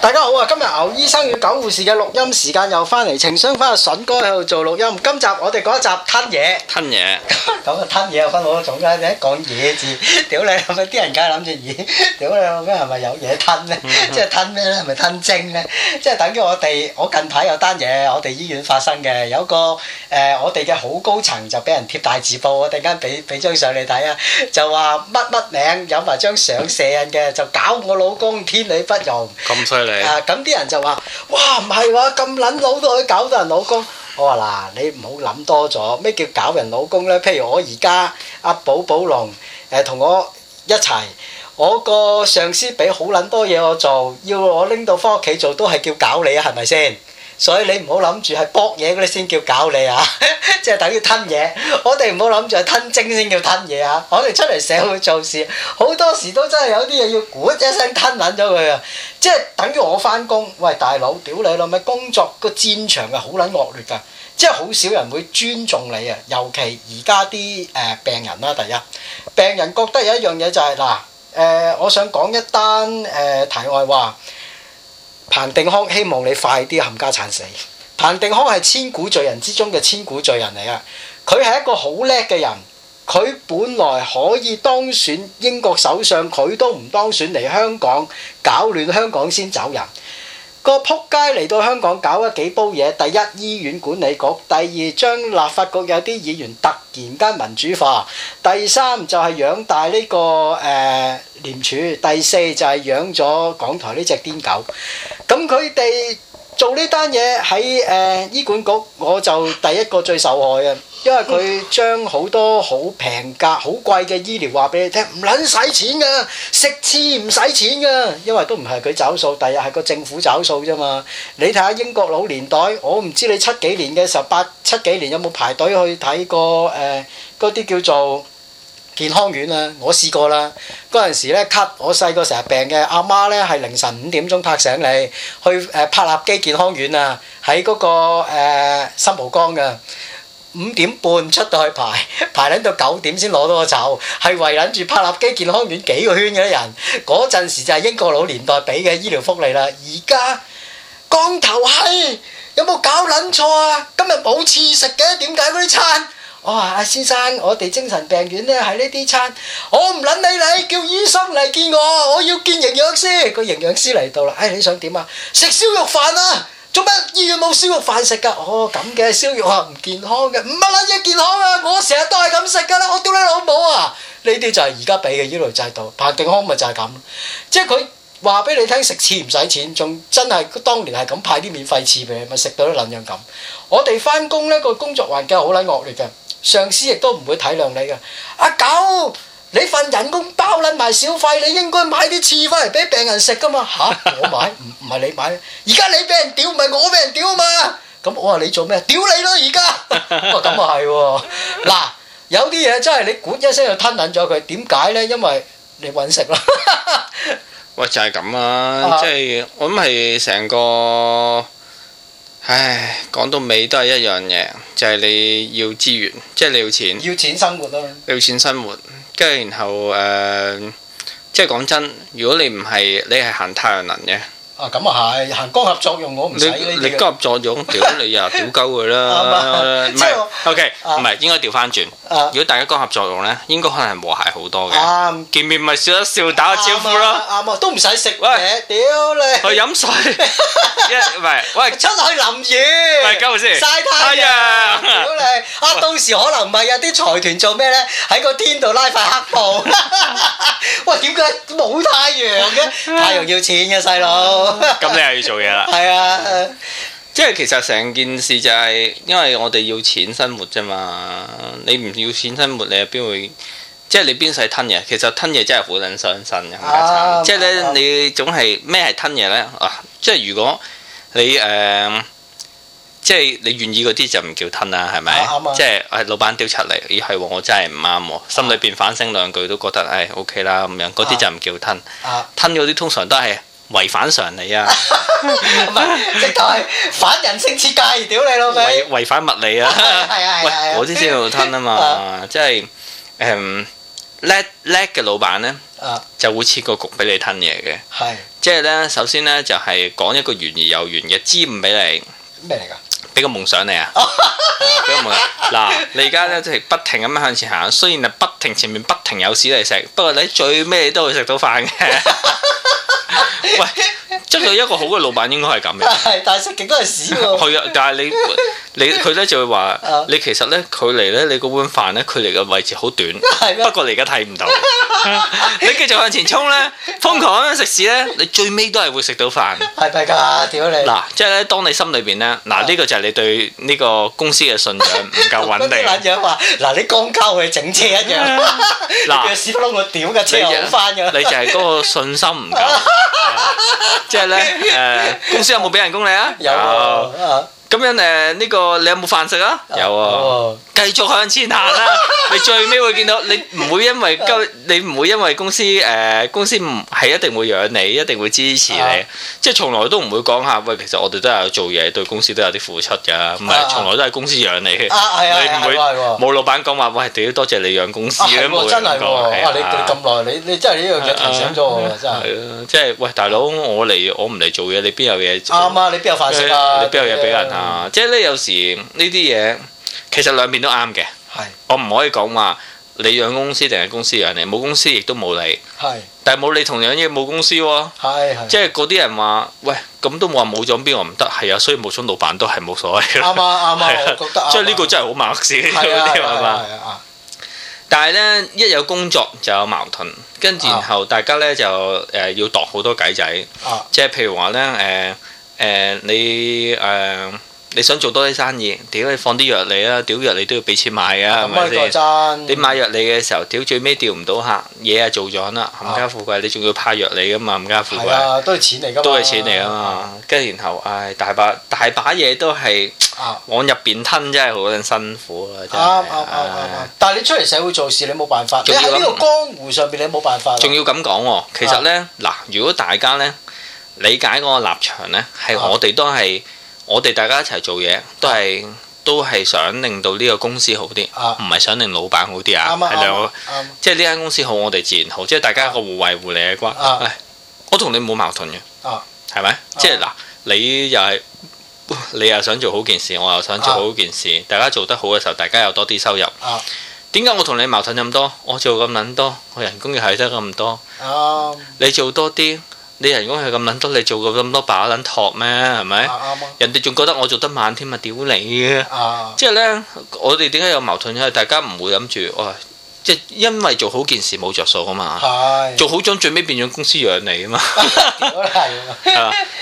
大家好啊！今日牛醫生與狗護士嘅錄音時間又翻嚟，情商翻阿筍哥喺度做錄音。今集我哋講一集吞嘢。吞嘢咁啊，吞嘢啊，分好多種噶。你一講嘢字，屌你，咁啊啲人梗係諗住咦，屌你老味，咁啊係咪有嘢吞咧？即係吞咩咧？係咪吞精咧？即係等於我哋，我近排有單嘢，我哋醫院發生嘅，有個誒，我哋嘅好高層就俾人貼大字報，我突然間俾俾張相你睇啊，就話乜乜名，有埋張相射人嘅，就搞我老公，天理不容。咁衰。啊！咁啲人就話：哇！唔係喎，咁撚老都可以搞到人老公。我話嗱，你唔好諗多咗。咩叫搞人老公呢？譬如我而家阿寶寶龍誒、啊、同我一齊，我個上司俾好撚多嘢我做，要我拎到返屋企做，都係叫搞你啊？係咪先？所以你唔好諗住係搏嘢嗰啲先叫搞你啊，即 係等於吞嘢。我哋唔好諗住係吞精先叫吞嘢啊。我哋出嚟社會做事，好多時都真係有啲嘢要咕一聲吞撚咗佢啊。即係等於我翻工，喂，大佬，屌你咯，咪工作個戰場係好撚惡劣㗎，即係好少人會尊重你啊。尤其而家啲誒病人啦，第一病人覺得有一樣嘢就係嗱，誒我想講一單誒題外話。彭定康希望你快啲冚家產死。彭定康係千古罪人之中嘅千古罪人嚟啊。佢係一個好叻嘅人，佢本來可以當選英國首相，佢都唔當選嚟香港搞亂香港先走人。個仆街嚟到香港搞咗幾煲嘢，第一醫院管理局，第二將立法局有啲議員突然間民主化，第三就係養大呢個誒廉署，第四就係養咗港台呢隻癲狗。咁佢哋做呢單嘢喺誒醫管局，我就第一個最受害啊！因為佢將好多好平價、好貴嘅醫療話俾你聽，唔撚使錢㗎，食次唔使錢㗎，因為都唔係佢找數，第日係個政府找數啫嘛。你睇下英國老年代，我唔知你七幾年嘅十八七幾年有冇排隊去睇過誒嗰啲叫做。健康院啊，我試過啦。嗰陣時呢，咳，我細個成日病嘅阿媽呢，係凌晨五點鐘拍醒你去誒柏、呃、立基健康院啊，喺嗰、那個誒、呃、新蒲崗啊，五點半出到去排，排撚到九點先攞到個籌，係圍撚住柏立基健康院幾個圈嘅人。嗰陣時就係英國佬年代俾嘅醫療福利啦。而家光頭係有冇搞撚錯啊？今日冇次食嘅，點解嗰啲餐？我話阿先生，我哋精神病院咧喺呢啲餐，我唔撚你，你叫醫生嚟見我，我要見營養師。個營養師嚟到啦，哎，你想點啊？食燒肉飯啊？做乜醫院冇燒肉飯食㗎？哦，咁嘅燒肉啊，唔健康嘅，唔係撚嘢健康啊！我成日都係咁食㗎啦，我屌你老母啊！呢啲就係而家俾嘅醫療制度，彭定康咪就係咁，即係佢話俾你聽食翅唔使錢，仲真係當年係咁派啲免費翅俾你，咪食到啲撚樣咁。我哋翻工咧，個工作環境好撚惡劣嘅。上司亦都唔會體諒你噶，阿狗，你份人工包捻埋小費，你應該買啲餸翻嚟俾病人食噶嘛？吓，我買唔，唔係你買，而家你俾人屌，唔係我俾人屌啊嘛？咁我話你做咩？屌你咯而家！哦，咁啊係喎，嗱，有啲嘢真係你咕一聲就吞捻咗佢，點解呢？因為你揾食咯。喂，就係咁啊，即係我諗係成個。唉，講到尾都係一樣嘢，就係你要資源，即係你要錢，要錢生活咯。你要錢生活，跟住然後誒，即係講真，如果你唔係，你係行太陽能嘅。啊咁啊係，行光合作用我唔使呢個。你光合作用，屌你呀，屌鳩佢啦，唔係 OK，唔係應該調翻轉。如果大家光合作用咧，應該可能係和諧好多嘅。啱，見面咪笑一笑，打個招呼咯。啱啊，都唔使食。喂，屌你！去飲水。一唔係，喂，出去淋雨。喂，鳩先。曬太陽。屌你！啊，到時可能唔係有啲財團做咩咧？喺個天度拉塊黑布。冇太陽嘅，太陽要錢嘅細路。咁 你係要做嘢啦。係 啊，啊即係其實成件事就係，因為我哋要錢生活啫嘛。你唔要錢生活，你邊會？即係你邊使吞嘢？其實吞嘢真係好令人傷身，神、啊、即係咧，啊、你總係咩係吞嘢咧？啊，即係如果你誒。呃即係你願意嗰啲就唔叫吞啦，係咪？即係係老闆屌柒你，咦係喎，我真係唔啱喎，心裏邊反省兩句都覺得唉 OK 啦咁樣，嗰啲就唔叫吞。吞嗰啲通常都係違反常理啊。唔係，直頭係反人性設計，屌你老味！違違反物理啊！係啊係啊！我啲先叫吞啊嘛，即係誒叻叻嘅老闆呢，就會設個局俾你吞嘢嘅。係。即係呢，首先呢，就係講一個圓而有圓嘅唔俾你。咩嚟㗎？你個夢想你啊！想、 啊。嗱， 你而家咧，即係不停咁樣向前行，雖然係不停前面不停有屎嚟食，不過你最尾都會食到飯嘅。 對一個好嘅老闆應該係咁嘅，但係食極都係屎喎。係啊，但係你你佢咧就會話，你其實咧距離咧你嗰碗飯咧距離嘅位置好短， 不過你而家睇唔到。 你繼續向前衝咧，瘋狂咁樣食屎咧，你最尾都係會食到飯。係咪㗎？屌你！嗱， 即係咧，當你心裏邊咧，嗱呢、呢個就係你對呢個公司嘅信任唔夠穩定。嗱， 你剛交佢整車一樣。嗱 后，屎窟窿個屌嘅車翻㗎、 就是。你就係嗰個信心唔夠。 即係咧，誒，公司有冇畀人工你啊？有啊。咁樣誒呢個你有冇飯食啊？有啊，繼續向前行啦！你最尾會見到你唔會因為今你唔會因為公司誒公司係一定會養你，一定會支持你，即係從來都唔會講下喂，其實我哋都有做嘢，對公司都有啲付出㗎，唔係從來都係公司養你嘅。啊，係啊，冇老闆講話喂，都要多謝你養公司你真係咁耐，你你真係呢樣嘢提醒咗喎，真係。即係喂，大佬，我嚟我唔嚟做嘢，你邊有嘢？啱啊，你邊有飯食啊？你邊有嘢俾人即係咧，有時呢啲嘢，其實兩邊都啱嘅。係我唔可以講話你養公司定係公司養你，冇公司亦都冇你。係，但係冇你同樣嘢，冇公司。係。即係嗰啲人話喂，咁都話冇咗邊個唔得，係啊，所以冇咗老闆都係冇所謂。啱啊啱啊，覺得即係呢個真係好矛盾。係啊係啊，但係呢，一有工作就有矛盾，跟住然後大家呢，就誒要度好多計仔。即係譬如話呢，誒誒你誒。你想做多啲生意，屌你放啲藥嚟啦！屌藥你都要俾錢買噶，係咪、嗯嗯、你買藥嚟嘅時候，屌最尾屌唔到客，嘢啊做咗啦，冚家富貴，啊、你仲要派藥嚟噶嘛？冚家富貴，啊、都係錢嚟噶嘛？都係錢嚟啊嘛！跟住、啊、然後，唉、哎，大把大把嘢都係往入邊吞，真係好辛苦啦！啱，但係你出嚟社會做事，你冇辦法。仲要呢個江湖上邊，你冇辦法。仲要咁講喎？其實呢，嗱、啊，如果大家呢，理解我個立場呢，係我哋都係。我哋大家一齊做嘢，都係都係想令到呢個公司好啲，唔係想令老闆好啲啊。係兩個，即係呢間公司好，我哋自然好。即係大家一個互惠互利嘅關。我同你冇矛盾嘅，係咪？即係嗱，你又係你又想做好件事，我又想做好件事。大家做得好嘅時候，大家有多啲收入。點解我同你矛盾咁多？我做咁撚多，我人工又係得咁多，你做多啲。你人工係咁撚得，你做過咁多把撚托咩？係咪？啊啊啊、人哋仲覺得我做得慢添啊！屌你啊！啊！即係咧，我哋點解有矛盾？因為大家唔會諗住，哇、哎！即係因為做好件事冇着數啊嘛！啊，做好將最尾變咗公司養你啊嘛！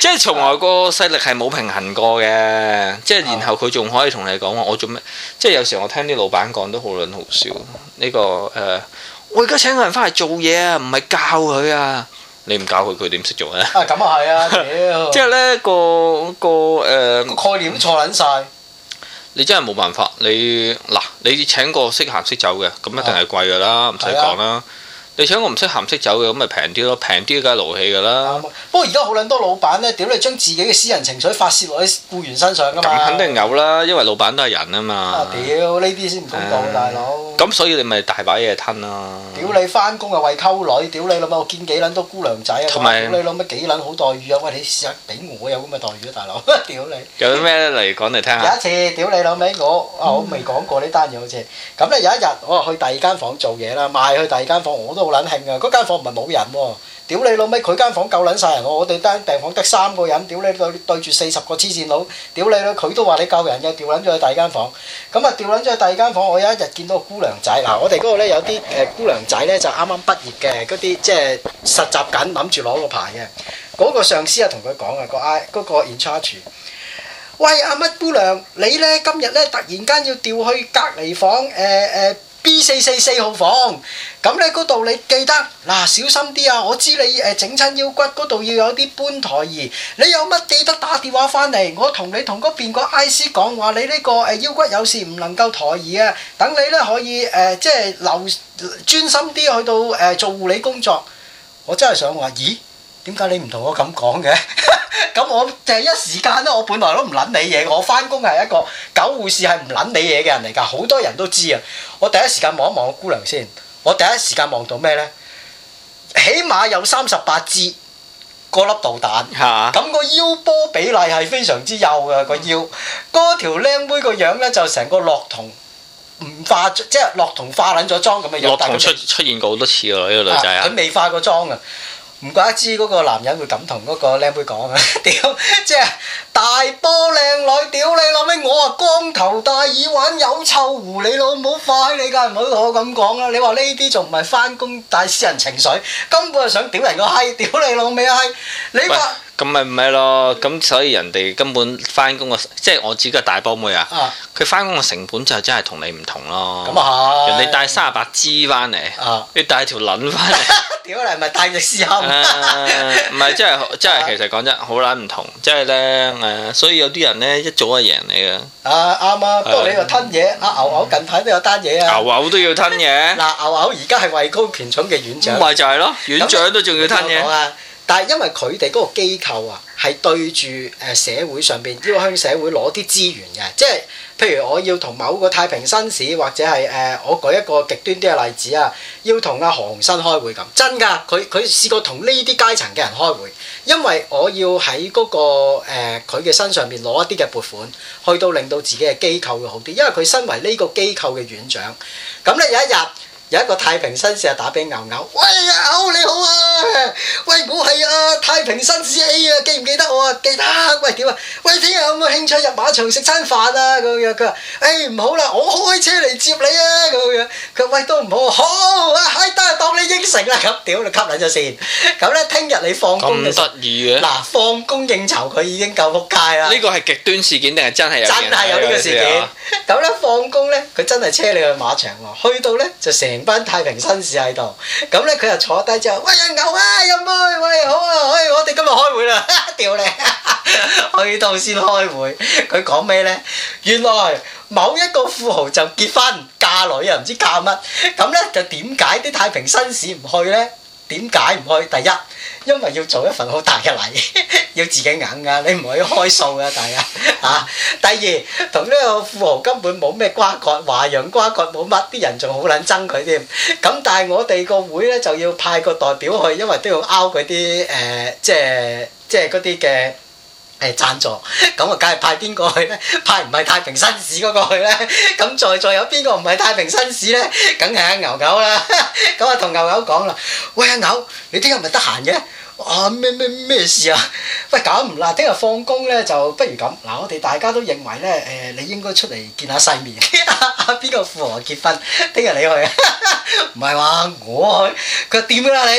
即係從來個勢力係冇平衡過嘅，即係然後佢仲可以同你講話，我做咩？即係有時我聽啲老闆講都好撚好笑。呢個誒，我而家請個人翻嚟做嘢啊，唔係教佢啊！你唔教佢，佢點識做咧？啊，咁啊係啊，即係呢個、那個誒、呃、概念都錯撚曬。你真係冇辦法，你嗱，你請個識行識走嘅，咁一定係貴㗎啦，唔使講啦。你請我唔識鹹識酒嘅，咁咪平啲咯，平啲梗係勞氣㗎啦。不過而家好撚多老闆咧，屌你將自己嘅私人情緒發泄落喺僱員身上㗎嘛。咁肯定有啦，因為老闆都係人啊嘛。屌呢啲先唔公道，大佬。咁所以你咪大把嘢吞咯。屌你翻工又為溝女，屌你老母見幾撚多姑娘仔啊？同埋，屌你老母幾撚好待遇啊？喂，你試下俾我有咁嘅待遇啊，大佬。屌你。有啲咩嚟講嚟聽下？有一次，屌你老母，我啊我未講過呢單嘢好似。咁咧有一日，我去第二間房做嘢啦，賣去第二間房我都。冇撚興啊！嗰間房唔係冇人喎，屌你老味！佢間房夠撚曬人，我我哋間病房得三個人，屌你對對住四十個黐線佬，屌你啦！佢都話你救人嘅，調撚咗去第二間房。咁啊，調撚咗去第二間房，我有一日見到個姑娘仔嗱，我哋嗰度咧有啲誒姑娘仔咧就啱啱畢業嘅嗰啲，即係實習緊，諗住攞個牌嘅。嗰個上司啊同佢講啊，個 I 嗰個 in charge，喂阿乜姑娘，你咧今日咧突然間要調去隔離房誒誒。B 四四四號房，咁咧嗰度你記得嗱，小心啲啊！我知你誒整親腰骨嗰度要有啲搬抬移，你有乜記得打電話翻嚟，我同你同嗰邊個 IC 講話，你呢個誒腰骨有事唔能夠抬移啊！等你咧可以誒，即係留專心啲去到誒做護理工作，我真係想話，咦？點解你唔同我咁講嘅？咁 我第一時間咧。我本來都唔撚你嘢。我翻工係一個狗護士，係唔撚你嘢嘅人嚟㗎。好多人都知啊。我第一時間望一望個姑娘先。我第一時間望到咩咧？起碼有三十八支嗰粒導彈。嚇、啊！咁個腰波比例係非常之幼㗎，個腰。嗰條靚妹個樣咧就成個落童，唔化即係落童化撚咗妝咁嘅樣。落童出出現過好多次㗎，呢、呢個女仔。佢未、啊、化過妝啊。唔怪得知嗰個男人會咁同嗰個僆妹講啊！屌，即係大波靚女，屌你老味。我啊光頭大耳環，有臭狐你，你老母快你梗係唔好同我咁講啦！你話呢啲仲唔係翻工帶私人情緒，根本係想屌人個閪，屌你老味閪！你話。咁咪唔係咯？咁所以人哋根本翻工嘅，即係我自己個大波妹啊，佢翻工嘅成本就真係同你唔同咯。咁啊，人哋帶三十八支翻嚟，你帶條撚翻嚟，屌你咪帶隻試口唔得。唔係，真係真係，其實講真，好撚唔同，即係咧誒。所以有啲人咧，一早就贏你嘅。啊啱啊，不過你又吞嘢啊！牛牛近排都有單嘢啊，牛牛都要吞嘢。嗱，牛牛而家係位高權重嘅院長，咪就係咯，院長都仲要吞嘢。但係因為佢哋嗰個機構啊，係對住誒社會上邊要向社會攞啲資源嘅，即係譬如我要同某個太平紳士，或者係誒我舉一個極端啲嘅例子啊，要同阿何鴻燊開會咁，真㗎，佢佢試過同呢啲階層嘅人開會，因為我要喺嗰個誒佢嘅身上邊攞一啲嘅撥款，去到令到自己嘅機構會好啲，因為佢身為呢個機構嘅院長，咁咧有一日。有一個太平紳士啊，打俾牛牛，喂牛你好啊，喂我係啊太平紳士哎啊，記唔記得我啊？記得喂，點啊？喂聽日有冇興趣入馬場食餐飯啊？咁樣佢話，誒、哎、唔好啦，我開車嚟接你啊！咁樣佢話，喂都唔好，好啊，得當你應承啦。咁屌你吸兩隻線。咁咧聽日你放工嘅時候，嗱放工應酬佢已經夠撲街啦。呢個係極端事件定係真係有？真係有呢個事件。咁咧放工咧，佢真係車你去馬場喎。去到咧就成班太平紳士喺度。咁咧佢又坐低之後，喂牛啊飲杯，喂好啊，我哋今日開會啦，屌你！去到先開會，佢講咩呢？原來某一個富豪就結婚嫁女啊，唔知嫁乜咁呢，就點解啲太平紳士唔去呢？點解唔去？第一，因為要做一份好大嘅禮， 要自己硬噶、啊，你唔可以開數噶、啊，大家嚇、啊。第二，同呢個富豪根本冇咩瓜葛，華洋瓜葛冇乜，啲人仲好撚憎佢添。咁但係我哋個會咧就要派個代表去，因為都要拗佢啲誒，即係即係嗰啲嘅。誒贊助咁啊，梗係派邊個去咧？派唔係太平紳士嗰個去咧？咁在座有邊個唔係太平紳士咧？梗係阿牛牛啦！咁啊，同牛牛講啦，喂，阿牛，你聽日唔係得閒嘅？啊咩咩咩事啊？喂，咁嗱，聽日放工咧，就不如咁嗱，我哋大家都認為咧，誒，你應該出嚟見下世面，邊個富豪結婚，聽日你去啊？唔係話我去？佢話掂啦你，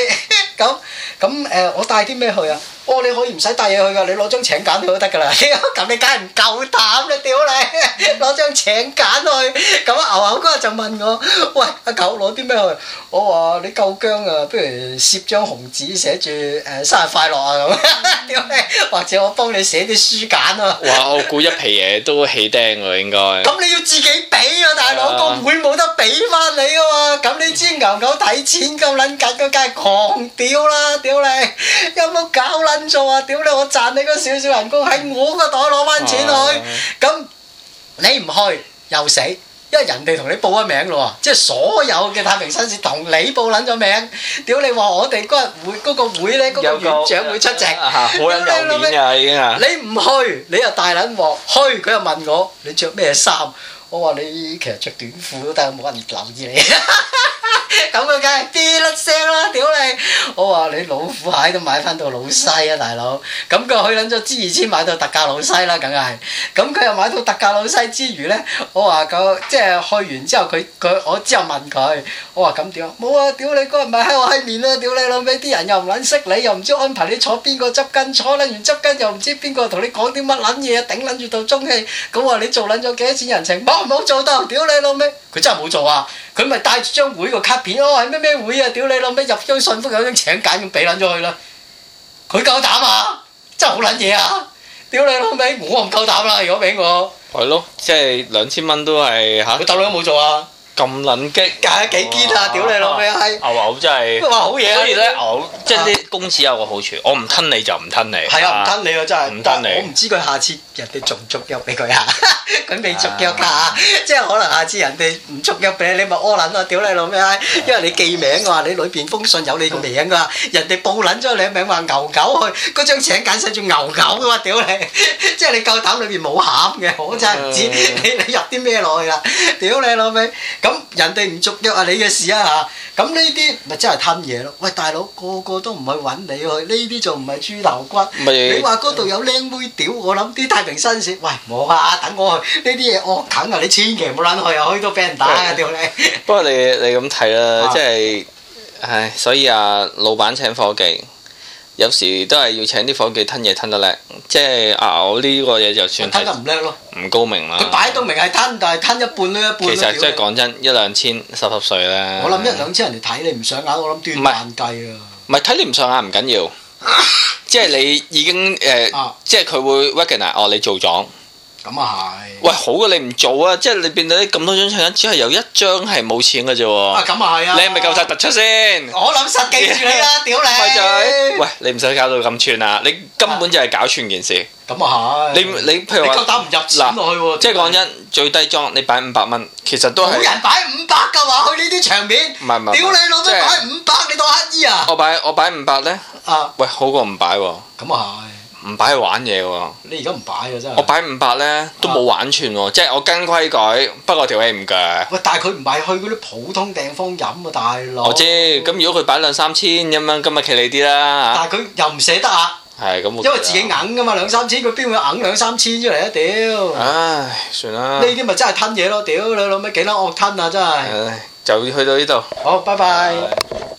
咁咁誒，我帶啲咩去啊？哦，你可以唔使帶嘢去㗎，你攞張請柬去都得㗎啦。咁 你梗係唔夠膽啦，屌你！攞 張請柬去，咁牛牛嗰日就問我：，喂，阿狗，攞啲咩去？我話你夠薑啊，不如摺張紅紙寫住誒生日快樂啊咁。屌你！ 或者我幫你寫啲書簡啊。哇！我估一皮嘢都起釘喎，應該。咁 你要自己俾啊，大佬，個妹冇得俾翻你啊嘛！咁、嗯、你知牛牛睇錢咁撚緊，梗係狂屌啦，屌你！有冇搞啦？做啊！屌你，我賺你嗰少少人工喺我個袋攞翻錢去，咁你唔去又死，因為人哋同你報咗名嘞喎，即係所有嘅太平紳士同你報捻咗名，屌你話我哋嗰個會嗰個會呢嗰個院長會出席，屌你老味，你唔去你又大捻鑊，去佢又問我，你着咩衫？我話你其實著短褲都但係冇人留意你，咁佢梗係啲甩聲啦！屌你！我話你老虎蟹都買翻到老西啊，大佬！咁佢去撚咗千二先買到特價老西啦，梗係！咁佢又買到特價老西之餘咧，我話個即係去完之後佢佢我之後問佢，我話咁點？冇啊！屌你個咪黑我黑面啊！屌你老味啲人又唔撚識你，又唔知安排你坐邊個執巾坐啦，撚完執巾又唔知邊個同你講啲乜撚嘢，頂撚住到中氣！我話你做撚咗幾多錢人情冇？冇、哦、做到，屌你老味！佢真係冇做啊！佢咪帶住張會個卡片，哦係咩咩會啊！屌你老味，入張信封有張請柬咁俾撚咗佢啦！佢夠膽啊！真係好撚嘢啊！屌你老味，我唔夠膽啦！如果俾我，係咯，即係兩千蚊都係吓。佢豆你都冇做啊！咁撚激，梗係幾堅啦！屌你老味閪，牛牛真係，所以咧牛，即係啲公子有個好處，我唔吞你就唔吞你，係啊，唔吞你啊真係，唔吞你，我唔知佢下次人哋仲唔捉腳俾佢啊，佢未捉腳㗎，即係可能下次人哋唔捉腳俾你，你咪屙撚咯！屌你老味閪，因為你記名㗎嘛，你裏邊封信有你個名㗎嘛，人哋報撚咗你名話牛狗去，嗰張請柬寫住牛狗嘅話，屌你，即係你夠膽裏邊冇餡嘅，我真係唔知你你入啲咩落去啦！屌你老味。咁人哋唔續約啊，你嘅事啊嚇！咁呢啲咪真係吞嘢咯？喂，大佬個個都唔去揾你去，啊，呢啲就唔係豬頭骨。是你話嗰度有靚妹屌，嗯、我諗啲太平紳士，喂冇啊，等我去呢啲嘢惡啃啊！你千祈唔好撚去啊，去到俾人打啊屌的你！ 不過你你咁睇啦，即係唉，所以啊，老闆請伙計。有時都係要請啲伙記吞嘢吞得叻，即係啊！我呢個嘢就算吞得唔叻咯，唔高明啦。佢擺到明係吞，但係吞一半呢一半。其實真係講真，一兩千，濕濕碎咧。我諗一兩千人哋睇你唔上眼，我諗斷萬計唔係唔係睇你唔上眼唔緊要，即係你已經誒，呃啊、即係佢會 recognize 哦，你做咗。咁啊係！喂，好嘅你唔做啊，即係你變到啲咁多張請柬，只係有一張係冇錢嘅啫。啊，咁啊係啊！你係咪夠晒突出先？我諗實記住你啦，屌你！咪就係，喂，你唔使搞到咁串啊！你根本就係搞串件事。咁啊係。你你譬如話，你夠膽唔入錢落去喎？即係講真，最低裝你擺五百蚊，其實都係。冇人擺五百嘅話，去呢啲場面。唔係唔係，屌你老母！擺五百，你當乞衣啊？我擺我擺五百咧。啊。喂，好過唔擺喎。咁啊係。唔擺去玩嘢喎！你而家唔擺嘅、啊、真係，我擺五百呢，都冇玩全喎，啊、即係我跟規矩，不過條尾唔嘅。喂，但係佢唔係去嗰啲普通地方飲啊，大佬。我知，咁如果佢擺兩三千咁樣，咁咪企你啲啦，但係佢又唔捨得啊。係咁，啊、因為自己揞㗎嘛，兩三千佢邊會揞兩三千出嚟，一屌！唉，算啦。呢啲咪真係吞嘢咯，屌你老咩，幾撚惡吞啊，真係！唉，就去到呢度。好，拜拜。拜拜。